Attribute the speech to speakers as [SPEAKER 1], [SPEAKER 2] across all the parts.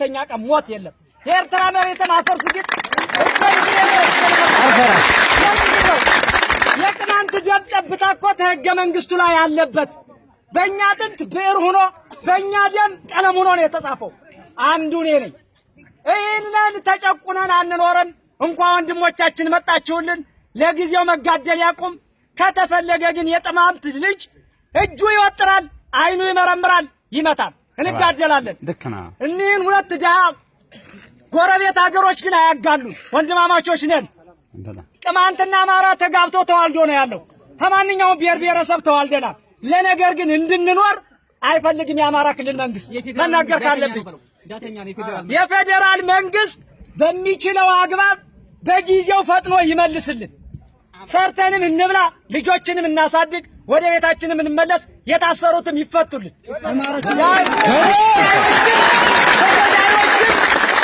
[SPEAKER 1] ተኛ ቀን ሞት የለም። የኤርትራ መሬት ማፈር ስግጥ የቅናንት ደም ጠብታ እኮ ተህገ መንግስቱ ላይ ያለበት በእኛ ጥንት ብዕር ሆኖ በእኛ ደም ቀለም ሁኖ ነው የተጻፈው። አንዱ እኔ ነኝ። ይህንን ተጨቁነን አንኖርም። እንኳ ወንድሞቻችን መጣችሁልን። ለጊዜው መጋደል ያቁም። ከተፈለገ ግን የጥማምት ልጅ እጁ ይወጥራል፣ አይኑ ይመረምራል፣ ይመታል። እንጋደላለን። እኒህን ሁለት ድሃ ጎረቤት ሀገሮች ግን አያጋሉን። ወንድማማቾች ነን። ቅማንትና አማራ ተጋብቶ ተዋልዶ ነው ያለው። ከማንኛውም ብሔር ብሔረሰብ ተዋልደናል። ለነገር ግን እንድንኖር አይፈልግም የአማራ ክልል መንግስት። መናገር ካለብኝ የፌዴራል መንግስት በሚችለው አግባብ በጊዜው ፈጥኖ ይመልስልን። ሰርተንም እንብላ፣ ልጆችንም እናሳድግ። ወደ ቤታችን የምንመለስ የታሰሩትም ይፈቱልን፣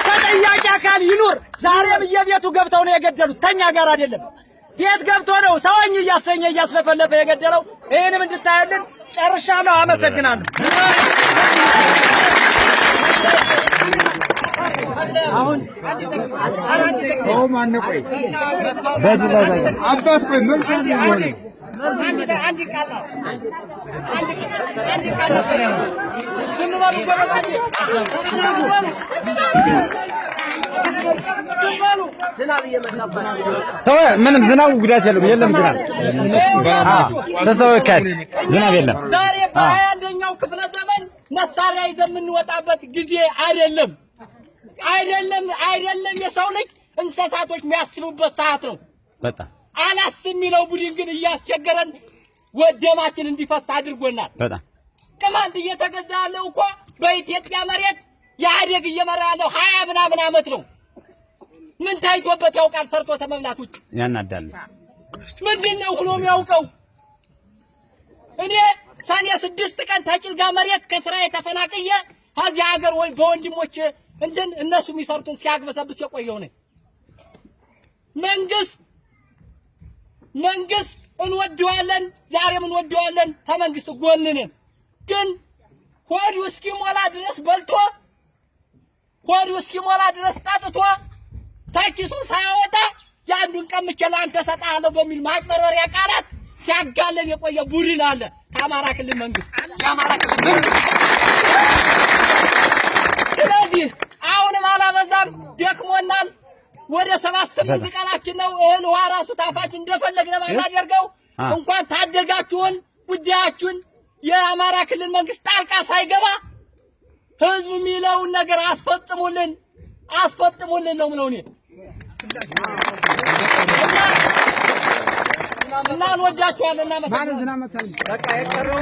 [SPEAKER 1] ተጠያቂ አካል ይኑር። ዛሬም እየቤቱ ገብተው ነው የገደሉት፣ ተኛ ጋር አይደለም። ቤት ገብቶ ነው ተወኝ እያሰኘ እያስለፈለፈ የገደለው። ይህንም እንድታያልን ነው አመሰግናለሁ።
[SPEAKER 2] ምንም ዝናቡ ጉዳት የለም። የለም ዝናብ ሰሰው ዝናብ የለም።
[SPEAKER 1] ዛሬ በሀያ አንደኛው ክፍለ ዘመን መሳሪያ ይዘን የምንወጣበት ጊዜ አይደለም። አይደለም አይደለም። የሰው ልጅ እንስሳቶች የሚያስቡበት ሰዓት ነው። በጣም አላስ የሚለው ቡድን ግን እያስቸገረን ወደማችን እንዲፈስ አድርጎናል። በጣም ቅማንት እየተገዛ ያለው እኮ በኢትዮጵያ መሬት የአደግ እየመራ ያለው ሀያ ምናምን አመት ነው። ምን ታይቶበት ያውቃል? ሰርቶ ተመብላት ውጭ ያናዳል። ምንድን ነው ሁሎ የሚያውቀው? እኔ ሰኔ ስድስት ቀን ተጭልጋ መሬት ከስራ የተፈናቅየ ከዚህ ሀገር ወይ በወንድሞች እንትን እነሱ የሚሰሩትን ሲያግበሰብስ የቆየው ነኝ። መንግስት መንግስት እንወደዋለን፣ ዛሬም እንወደዋለን፣ ተመንግስት ጎንንን ግን ሆዱ እስኪሞላ ድረስ በልቶ ሆዱ እስኪሞላ ድረስ ጠጥቶ ተኪሱ ሳያወጣ የአንዱን ቀምቼ ለአንተ እሰጥሃለሁ በሚል ማጭበርበሪያ ቃላት ሲያጋለን የቆየ ቡድን አለ ከአማራ ክልል መንግስት የአማራ ክልል መንግስት ስለዚህ አሁንም አላበዛም፣ ደክሞናል። ወደ ሰባት ስምንት ቀናችን ነው። እህል ውሃ ራሱ ታፋች እንደፈለግን ባናደርገው እንኳን ታደጋችሁን ጉዳያችሁን የአማራ ክልል መንግስት ጣልቃ ሳይገባ ህዝብ የሚለውን ነገር አስፈጽሙልን፣ አስፈጽሙልን ነው ምለው እኔ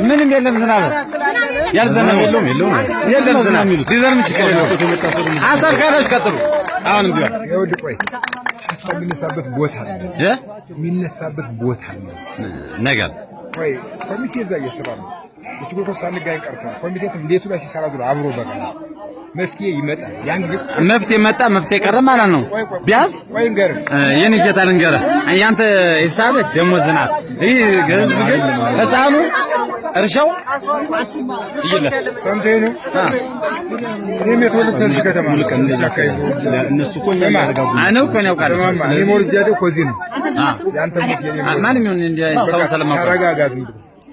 [SPEAKER 2] ምንም የለም ዝናብ ያልዘነበ የለም የለም ዝናብ የሚሉት ሊዘንም ችግር የለም። ሀሳብ ካላችሁ ቀጥሉ። አሁንም ቢሆን
[SPEAKER 3] ይኸውልህ ቆይ ሀሳብ የሚነሳበት ቦታ አለ የሚነሳበት ቦታ አለ ነገር ቆይ ኮሚቴ እዛ እየሰራ ነው። ኮሚቴ ላይ ሲሰራ አብሮ በቃ መፍትሄ ይመጣል። ያን
[SPEAKER 2] ጊዜ መፍትሄ መጣ፣ መፍትሄ ቀረ ማለት ነው። ቢያንስ ወይ ንገር የኔ ጌታ ያንተ ሂሳብ ደሞዝ ናት። ይህ ህዝብ ግን ህፃኑ እርሻው
[SPEAKER 3] ሰምቴ ነው። እኔም የተወለድኩት እዚህ ከተማ እነሱ እኮ እኔ እኮ ነው ያውቃል። እኔ ሞልጃ እዚህ ነው።
[SPEAKER 2] ማንም ይሁን ሰው ሰለማ